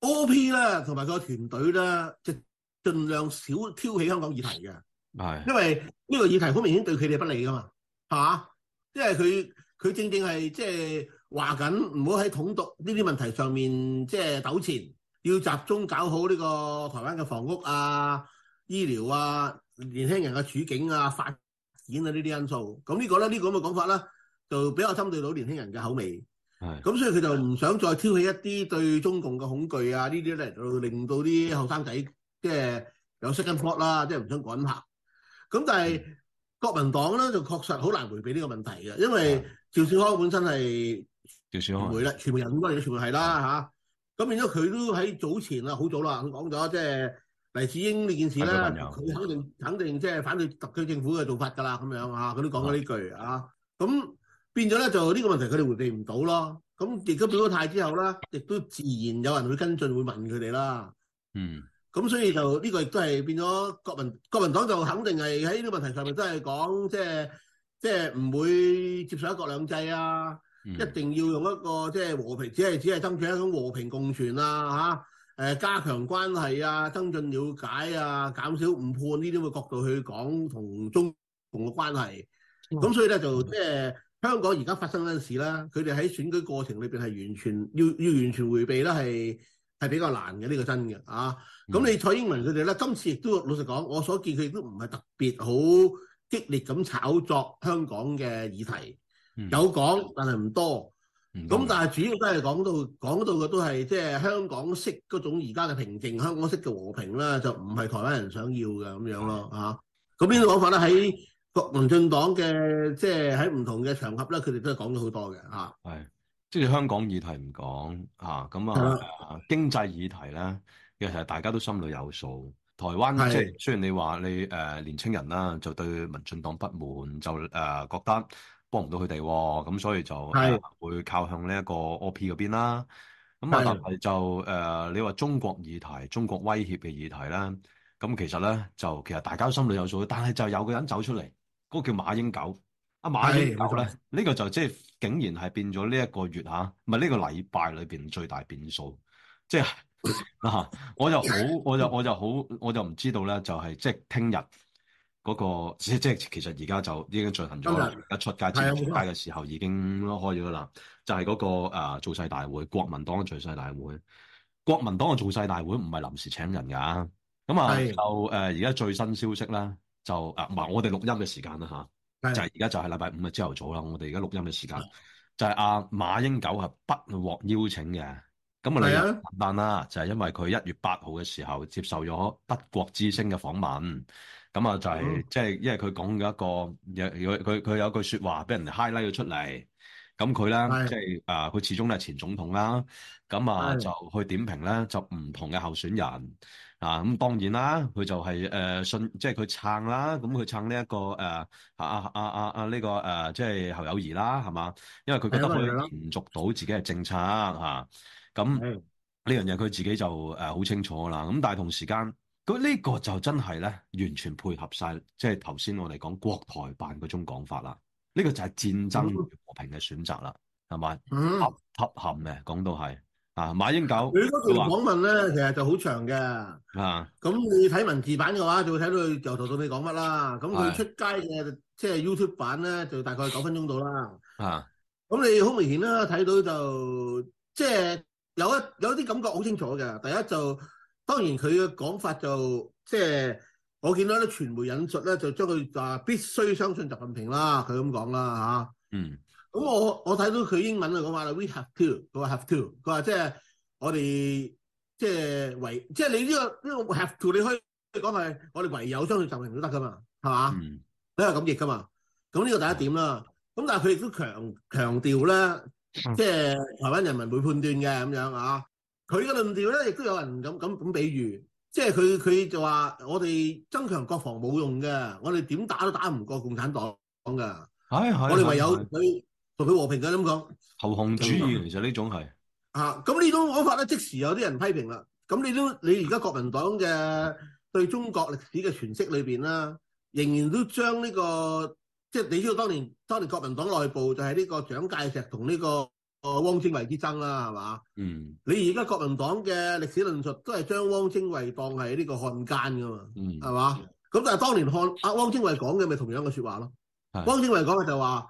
，O P 啦，同埋個團隊啦，即係盡量少挑起香港議題嘅，係的、啊，因為呢個議題好明顯對佢哋不利噶嘛，係嘛？因為佢佢正正係即係話緊唔好喺統獨呢啲問題上面即係糾纏，要集中搞好呢個台灣嘅房屋啊、醫療啊、年輕人嘅處境啊、發展。演到呢啲因素，咁、這個、呢個咧，呢個咁嘅講法咧，就比較針對到年輕人嘅口味。係的，咁所以佢就唔想再挑起一啲對中共嘅恐懼啊！呢啲咧就令到啲後生仔即係有識緊貨啦，即係唔想趕行。咁但係國民黨咧就確實好難回避呢個問題嘅，因為趙少康本身係趙少康，唔啦，全部人講嘢全部係啦嚇。咁變咗佢都喺早前啊，好早啦，佢講咗即係。就是黎智英呢件事咧，佢肯定肯定即係反對特區政府嘅做法㗎啦，咁樣啊，他了這句、嗯、啊，佢都講咗呢句啊。咁變咗咧，就呢個問題佢哋回避唔到咯。咁而家表咗態之後咧，亦都自然有人會跟進，會問佢哋啦。嗯。咁所以就呢、這個亦都係變咗國民，國民黨就肯定係喺呢個問題上面，都係講，即係即係唔會接受一國兩制啊，嗯、一定要用一個即係、就是、和平，只係只係爭取一種和平共存啊，嚇、啊。誒加強關係啊，增進了解啊，減少誤判呢啲嘅角度去講同中共嘅關係。咁、嗯、所以咧就即、是、係香港而家發生嘅事啦，佢哋喺選舉過程裏邊係完全要要完全迴避啦，係係比較難嘅呢、呢個真嘅啊。咁你蔡英文佢哋咧，今次亦都老實講，我所見佢亦都唔係特別好激烈咁炒作香港嘅議題，嗯、有講但係唔多。咁但係主要是都係講到講到嘅都係即係香港式嗰種而家嘅平靜，香港式嘅和平啦，就唔係台灣人想要嘅咁樣咯嚇。咁的呢種講法咧，喺民進黨嘅即係喺唔同嘅場合咧，佢哋都係講咗好多嘅嚇。係，即、就、係、是、香港議題唔講嚇，咁啊，啊的經濟議題咧，其實大家都心裏有數。台灣的即係雖然你話你誒、呃、年青人啦，就對民進黨不滿，就誒、呃、覺得。幫唔到佢哋，咁、哦、所以就會靠向呢一個 O P 嗰邊啦。咁啊，特別就誒，你話中國議題、中國威脅嘅議題啦。咁其實咧，就其實大家心裏有數，但係就有個人走出嚟，嗰、那個、叫馬英九。阿、啊、馬英九咧，呢的個就即係竟然係變咗呢一個月吓，唔係呢個禮拜裏邊最大變數。即係嗱，我就好，我就我就好，我就唔知道咧，就係、是、即係聽日。嗰、那個即即其實而家就已經進行咗啦，而家吧出街、接吧出街嘅時候已經開咗啦。吧就係嗰、那個造勢、呃、大會，國民黨嘅造勢大會，國民黨嘅造勢大會唔係臨時請人㗎。咁啊吧就誒而家最新消息啦，就啊唔係我哋錄音嘅時間啦吓，就係而家就係禮拜五嘅朝頭早啦。我哋而家錄音嘅時間就係阿馬英九係不獲邀請嘅。咁啊嚟簡單啦，就係、是、因為佢一月八號嘅時候接受咗德國之聲嘅訪問。咁啊，就係即係，嗯、因為佢講嘅一個佢佢有句說話俾人 highlight 咗出嚟。咁佢呢，即係啊，佢、就是、始終係前總統啦。咁啊，就去點評啦，就唔同嘅候選人、就是這個、啊。咁當然啦，佢、啊啊這個啊、就係信，即係佢撐啦。咁佢撐呢一個誒啊啊啊啊啊呢個即係侯友宜啦，係嘛？因為佢覺得可以延續到自己嘅政策。咁呢樣嘢佢自己就好清楚啦。咁但係同時間。咁呢個就真係咧，完全配合晒，即係頭先我哋講國台辦嗰種講法啦。呢個就係戰爭和平嘅選擇啦，係咪？嗯，合含嘅，講到係啊。馬英九，你嗰段訪問咧，其實就好長嘅。啊，咁你睇文字版嘅話，就會睇到佢由頭到尾講乜啦。咁佢出街嘅即係 YouTube 版咧，就大概九分鐘到啦。啊，咁你好明顯啦，睇到就即係有一有啲感覺好清楚嘅。第一就。當然佢嘅講法就即係、就是、我見到啲傳媒引述咧，就將佢話必須相信習近平啦。佢咁講啦嚇。嗯。咁我我睇到佢英文嚟講話啦，we have to，佢話 have to，佢話即係我哋即係唯即係、就是、你呢、這個呢、這個 have to，你可以講係我哋唯有相信習近平都得噶嘛，係、嗯、嘛？嗯。都係咁解噶嘛。咁呢個第一點啦。咁但係佢亦都強強調咧，即、就、係、是、台灣人民會判斷嘅咁樣啊。佢嘅論調咧，亦都有人咁咁咁比喻，即係佢佢就話：我哋增強國防冇用嘅，我哋點打都打唔過共產黨講噶。係係，我哋唯有佢同佢和平嘅咁講。投降主義其實呢種係啊，咁呢種講法咧，即時有啲人批評啦。咁你都你而家國民黨嘅對中國歷史嘅詮釋裏面啦，仍然都將呢、這個即係你知道，當年當年國民黨內部就係呢個蔣介石同呢、這個。個汪精衛之爭啦，係嘛？嗯，你而家國民黨嘅歷史論述都係將汪精衛當係呢個漢奸噶嘛，係嘛？咁、嗯、但係當年漢阿汪精衛講嘅咪同樣嘅説話咯。汪精衛講嘅就話，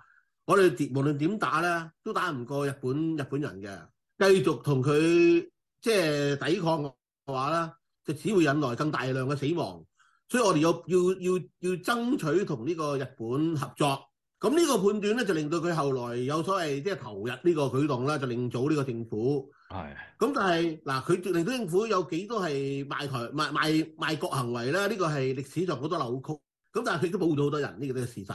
我哋點無論點打咧，都打唔過日本日本人嘅。繼續同佢即係抵抗嘅話咧，就只會引來更大量嘅死亡。所以我哋有要要要，要爭取同呢個日本合作。咁呢個判斷咧，就令到佢後來有所謂即係投入呢個舉動啦，就另組呢個政府。係。咁但係嗱，佢令到政府有幾多係賣台賣賣賣國行為咧？呢個係歷史上好多扭曲。咁但係佢都保護咗好多人，呢個都係事實。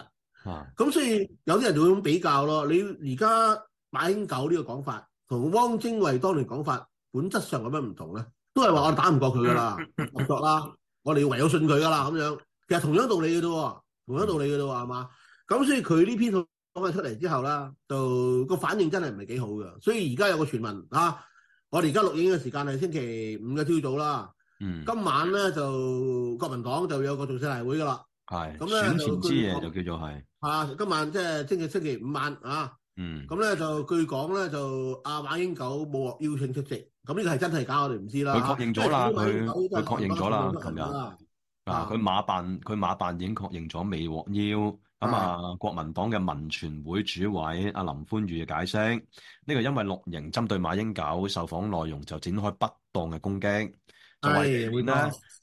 啊。咁所以有啲人就會咁比較咯。你而家馬英九呢個講法，同汪精衛當年講法，本質上有咩唔同咧？都係話我打唔過佢噶啦，合作啦，我哋要唯有信佢噶啦咁樣。其實同樣道理嘅啫，同樣道理嘅啫，係嘛？咁所以佢呢篇講嘅出嚟之後啦，就個反應真係唔係幾好嘅。所以而家有個傳聞啊，我哋而家錄影嘅時間係星期五嘅朝早啦。嗯，今晚咧就國民黨就有個造勢例會噶啦。係是。咁咧呢就，選前之夜就叫做係。是啊，今晚即係星期星期五晚啊。嗯。咁咧就據講咧就阿馬英九冇獲邀請出席，咁呢個係真係假我哋唔知他確啦。佢確、啊、認咗啦，佢佢確認咗啦，琴日。嗱，佢、啊啊、馬辦佢馬辦已經確認咗未獲邀。咁啊，國民黨嘅文傳會主委阿林寬裕嘅解釋，呢、這個因為綠營針對馬英九受訪內容就展開不當嘅攻擊，就係咧的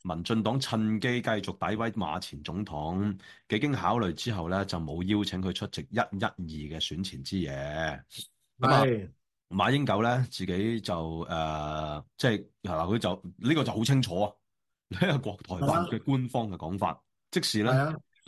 民進黨趁機繼續詆毀馬前總統。幾經考慮之後咧，就冇邀請佢出席一一二嘅選前之夜。咁的啊，馬英九咧自己就誒即係嗱佢就呢、是這個就好清楚啊，呢個國台辦嘅官方嘅講法，的即使咧。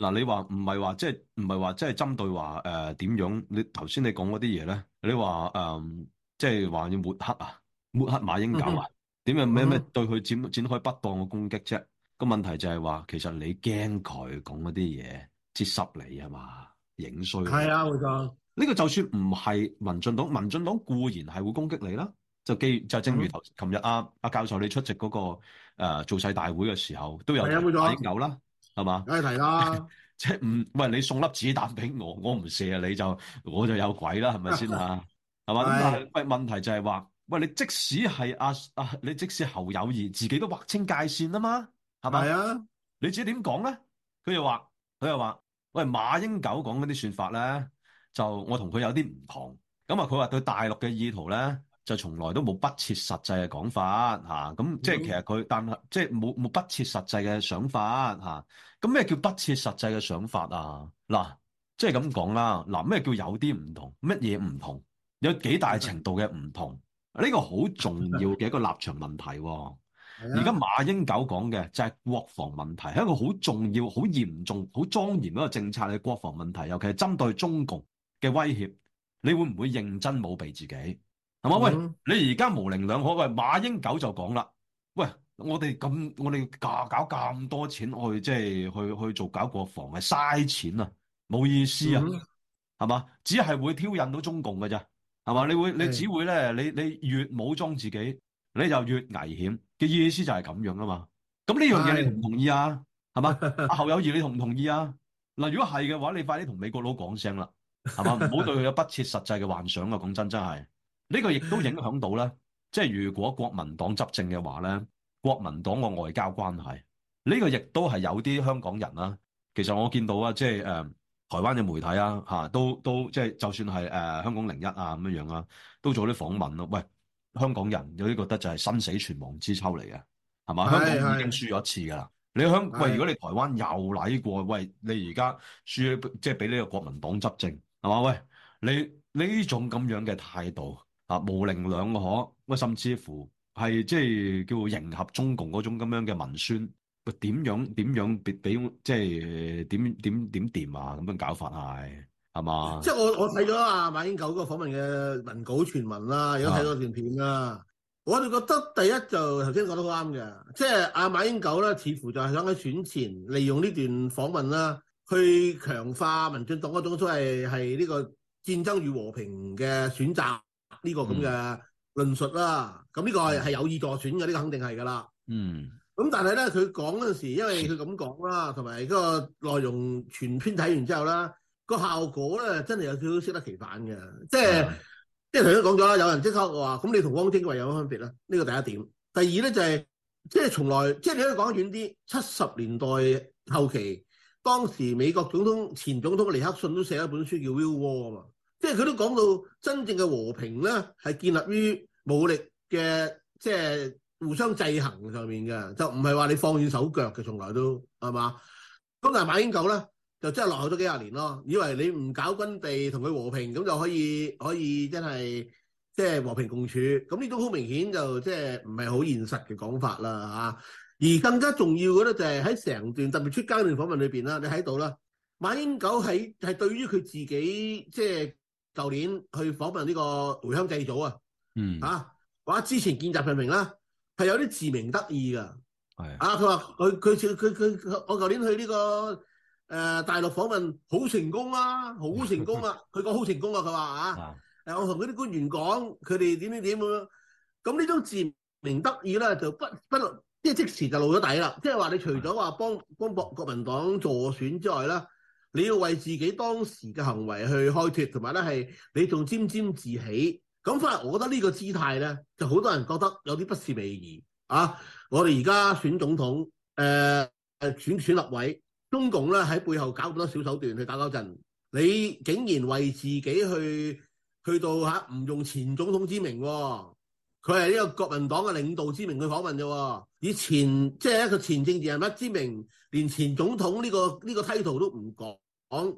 嗱、就是就是呃，你話唔係話即係唔係話即係針對話誒點樣？你頭先你講嗰啲嘢咧，你話誒即係話要抹黑啊，抹黑馬英九啊，點樣咩咩對佢展展開不當嘅攻擊啫？個問題就係話，其實你驚佢講嗰啲嘢，折濕你啊嘛，影衰。係啊，冇錯。呢個就算唔係民進黨，民進黨固然係會攻擊你啦。就基就正如頭尋日阿阿教授你出席嗰、嗰個造勢、呃、大會嘅時候，都有馬英九啦。係嘛？梗係提啦， 即係唔，喂，你送粒子彈俾我，我唔射你，你就我就有鬼啦，係咪先啊？係嘛？喂，問題就係話，喂你即使係阿阿你即使侯友宜自己都劃清界線啦嘛，係咪啊？你自己點講咧？佢又話佢又話，喂馬英九講嗰啲說法咧，就我同佢有啲唔同。咁啊，佢話對大陸嘅意圖咧，就從來都冇不切實際嘅講法嚇，咁、啊、即係其實佢但係即係冇冇不切實際嘅想法嚇。咁、啊、咩叫不切實際嘅想法啊？嗱、啊，即係咁講啦。嗱、啊，咩叫有啲唔同？乜嘢唔同？有幾大程度嘅唔同？呢、這個好重要嘅一個立場問題、啊。而家的馬英九講嘅就係國防問題，係一個好重要、好嚴重、好莊嚴嗰個政策嘅國防問題，尤其係針對中共嘅威脅，你會唔會認真武備自己？係嘛？是吧，嗯、喂，你而家模稜兩可喂，馬英九就講啦，喂，我哋咁，我哋架搞咁多錢去，即係去去做搞國防，係嘥錢啊，冇意思啊，係嘛、嗯？只係會挑釁到中共嘅啫，係嘛？你會，你只會咧，你你越武裝自己，你就越危險嘅意思就係咁樣啊嘛。咁呢樣嘢你同唔同意啊？係嘛的？阿侯友宜，你同唔同意啊？嗱、 啊啊啊，如果係嘅話，你快啲同美國佬講聲啦，係嘛？唔好 對佢有不切實際嘅幻想啊！講真，真係。呢個亦都影響到咧，即係如果國民黨執政嘅話咧，國民黨個外交關係，呢、這個亦都係有啲香港人啦。其實我見到啊，即係誒、呃、台灣嘅媒體啊，嚇都都即係就算係誒、呃、香港零一啊咁樣樣啦，都做啲訪問咯。喂，香港人有啲覺得就係生死存亡之秋嚟嘅，係嘛？香港已經輸咗一次㗎啦。是是你香喂，如果你台灣又嚟過，喂你而家輸咗，即係俾呢個國民黨執政係嘛？喂，你呢種咁樣嘅態度。啊，模棱兩可，乜甚至乎係即係叫迎合中共嗰種咁樣嘅文宣，點樣點樣別俾即係點點點掂啊？咁樣搞法係係嘛？即係我我睇咗阿馬英九嗰個訪問嘅文稿傳聞啦，亦都睇到段片啦，我哋覺得第一就頭先講得好啱嘅，即係阿馬英九咧，似乎就係想喺選前利用呢段訪問啦，去強化民進黨嗰種所謂係呢個戰爭與和平嘅選擇。呢個咁嘅論述啦，咁呢、嗯、個係係有意助選嘅，呢、呢個肯定係噶啦。嗯，咁但係咧，佢講嗰陣時，因為佢咁講啦，同埋嗰個內容全篇睇完之後啦，個效果咧真係有少少適得其反嘅，即係的即係頭先講咗啦，有人即刻話，咁你同汪精衛有乜分別咧？呢、呢個第一點。第二咧就係、是、即係從來，即係你可以講遠啲，七十年代後期，當時美國總統前總統尼克遜都寫咗本書叫《Real War》啊嘛。即係佢都講到真正嘅和平咧，係建立於武力嘅即係互相制衡上面嘅，就唔係話你放軟手腳嘅，從來都係嘛。咁但係馬英九咧，就真係落後咗幾廿年咯。以為你唔搞軍備同佢和平，咁就可以可以真係即係和平共處。咁呢都好明顯就即係唔係好現實嘅講法啦吓。而更加重要嘅咧，就係喺成段特別出街段訪問裏邊啦，你喺度啦，馬英九喺係對於佢自己即係。舊年去訪問呢個回鄉祭祖啊，嗯啊，啊話之前見習近平啦，係有啲自鳴得意噶，係是的 啊，佢話佢佢佢佢我舊年去呢、這個誒、呃、大陸訪問好成功啊！好成功啊，佢講好成功啊，佢話啊，誒、啊啊，我同嗰啲官員講，佢哋點點點咁樣，怎樣，咁、嗯、呢種自鳴得意咧，就不不，不即即時就露咗底啦，即係話你除咗話幫幫國國民黨助選之外咧。你要為自己當時嘅行為去開脱，同埋咧係你仲沾沾自喜，咁反而我覺得呢個姿態咧，就好多人覺得有啲不是味兒啊！我哋而家選總統，誒、呃、誒選、選立委，中共咧喺背後搞咁多小手段去打嗰陣，你竟然為自己去去到吓唔、啊、用前總統之名喎、哦！佢係呢個國民黨嘅領導之名去訪問啫。以前即係一個前政治人物之名，連前總統呢、這個呢、這個梯度都唔講，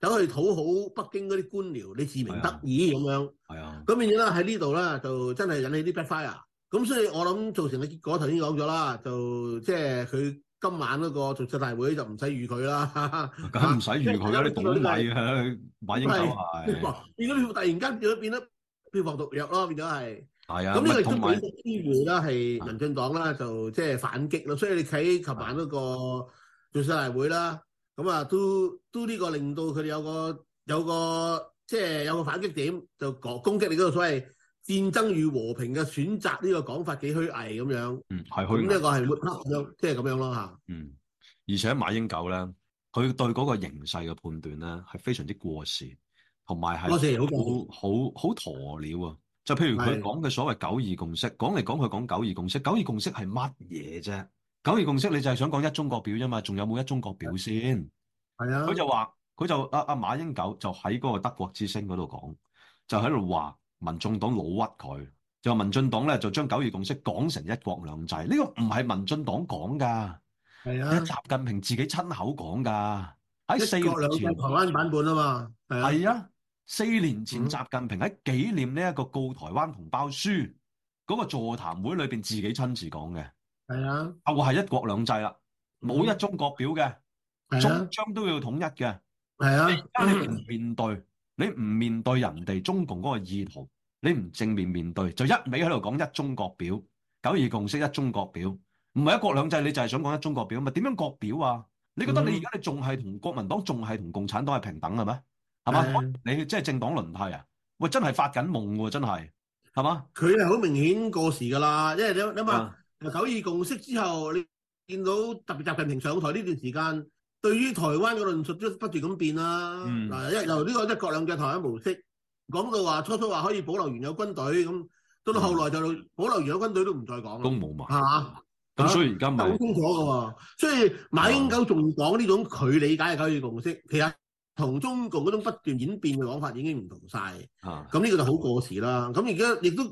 走去討好北京嗰啲官僚，你自鳴得意咁、哎、呀樣。係啊、哎呀，咁變咗喺呢度咧，就真係引起啲 backfire 啊。咁所以我諗造成嘅結果，頭先講咗啦，就即係佢今晚嗰個造勢大會就唔使預佢啦，咁唔使預佢啦，有啲道理啊，馬英九應該係變咗票，是是突然間變咗變得票房毒藥咯，變咗係。係啊，咁呢個都俾個機會啦，係民進黨啦，嗯、就即係反擊咯。所以你睇琴晚嗰個造勢大會啦，咁啊、嗯，都都呢個令到佢哋有個有個即係、就是、有個反擊點，就攻攻擊你嗰個所謂戰爭與和平嘅選擇呢個講法幾虛偽咁樣。嗯，係虛。咁呢個係抹黑咁，即係咁樣咯吓。嗯，而且馬英九咧，佢對嗰個形勢嘅判斷咧，係非常之過時，同埋係好好好鴕鳥，鳥啊。就譬如佢講嘅所謂九二共識，講嚟講去講九二共識，九二共識係乜嘢啫？九二共識你就係想講一中各表啫嘛，仲有冇一中各表先？係啊。佢就話佢就阿阿馬英九就喺嗰個德國之聲嗰度講，就喺度話民眾黨老屈佢，就話民進黨咧就將九二共識講成一國兩制，呢個唔係民進黨講㗎，係啊，係習近平自己親口講㗎，喺四國兩制台灣版本啊嘛，係啊。四年前，習近平喺紀念呢一個告台灣同胞書嗰個座談會裏邊，自己親自講嘅係啊，又係一國兩制啦，冇一中各表嘅，啊、中央都要統一嘅。係啊，你唔面對，啊、你唔面對人哋、啊、中共嗰個意圖，你唔正面面對，就一味喺度講一中各表、九二共識一中各表，唔係一國兩制，你就係想講一中各表，咪點樣各表啊？你覺得你而家你仲係同國民黨仲係同共產黨係平等嘅咩？係嘛？嗯、你即係政黨輪替啊？喂，真係發緊夢喎、啊！真係，係嘛？佢係好明顯過時噶啦，因為你諗下、嗯、九二共識之後，你見到特別習近平上台呢段時間，對於台灣嘅論述都不斷咁變啦。嗱、嗯，由由呢個一國兩制台灣模式，講到話初初話可以保留原有軍隊，咁到到後來就保留原有軍隊都唔再講都冇埋，係嘛？咁所以而家唔講清楚嘅喎，所以馬英九仲講呢種佢理解嘅九二共識，嗯、其實。同中共嗰種不斷演變嘅講法已經唔同曬，啊，咁呢個就好過時啦。咁而家亦都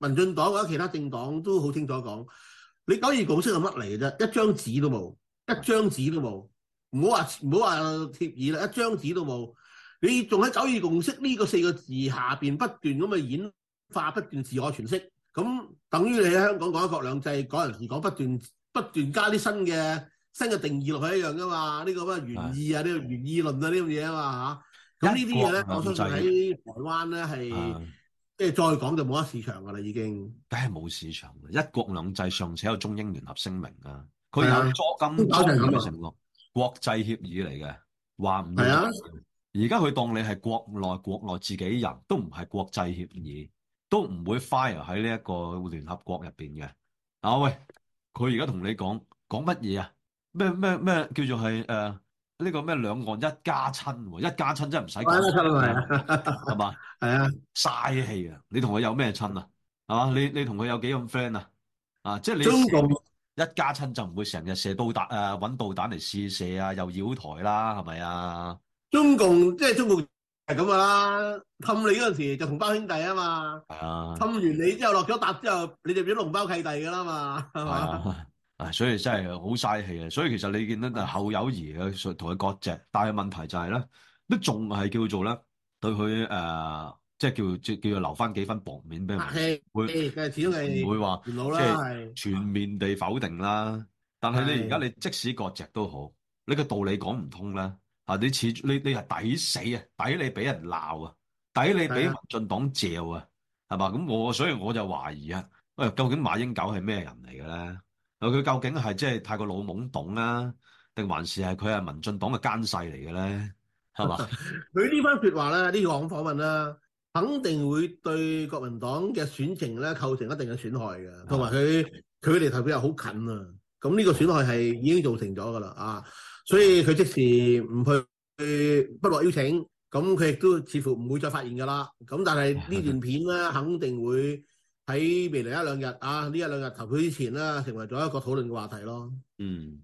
民進黨或者其他政黨都好清楚講，你九二共識係乜嚟嘅啫？一張紙都冇，一張紙都冇，唔好話唔好話貼紙啦，一張紙都冇。你仲喺九二共識呢個四個字下邊不斷咁去演化，不斷自我詮釋，咁等於你喺香港講一國兩制，講人時講不斷不斷加啲新嘅。新嘅定義落去一樣噶、這個、的嘛？呢個咩原意啊？呢個原意論啊？呢啲嘢啊嘛嚇。咁呢啲嘢咧，我相信喺台灣咧係即係再講就冇得市場㗎啦，已經梗係冇市場。一國兩制尚且有中英聯合聲明啊，佢有咗咁多咁，咁嘅的成個的國際協議嚟嘅，話唔定，而家佢當你係國內國內自己人都唔係國際協議，都唔會 fire 喺呢一個聯合國入邊嘅嗱。喂，佢而家同你講講乜嘢啊？咩咩咩叫做係誒呢個咩兩岸一家親，一家親真係唔使講，係嘛係啊嘥氣啊！氣你同佢有咩親啊？係嘛？你你同佢有幾咁 friend 啊？啊！即係，啊、中共一家親就唔會成日射導彈誒，搵導彈嚟試射啊，又繞台啦，係咪啊？中共即係中共係咁噶啦，氹你嗰陣時候就同胞兄弟啊嘛，係啊！氹完你之後落咗搭之後，你就變咗龍包契弟噶啦嘛，係嘛？啊，所以真係好嘥氣啊！所以其實你見到啊，侯友宜啊，同佢割席，但係問題就係咧，都仲係叫做咧對佢、呃、即係叫叫叫做留翻幾分薄面俾佢，唔會佢係只要你會話全面地否定啦。但係你而家你即使割席都好，你個道理講唔通啦。吓你似你你係抵死啊，抵你俾人鬧啊，抵你俾民進黨嚼啊，係嘛的？咁我所以我就懷疑啊，喂、哎，究竟馬英九係咩人嚟㗎咧？佢究竟係即係太過老懵懂啊，定還是係佢係民進黨嘅奸細嚟嘅咧？係嘛？佢呢 番說話咧，呢個訪問啦，肯定會對國民黨嘅選情咧構成一定嘅損害嘅，同埋佢佢離投票又好近啊，咁呢個損害係已經造成咗噶啦啊，所以佢即時唔去不落邀請，咁佢亦都似乎唔會再發言噶啦。咁但係呢段片咧，肯定會。喺未來一兩日啊，呢一兩日投票之前啦，成為咗一個討論嘅話題咯。嗯，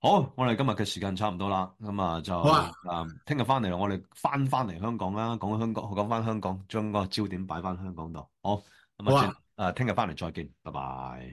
好，我哋今日嘅時間差唔多啦，咁啊就啊，聽日翻嚟，我哋翻翻嚟香港啦，講香港，講翻香港，將個焦點擺翻香港度。好，咁啊誒，聽日翻嚟再見，拜拜。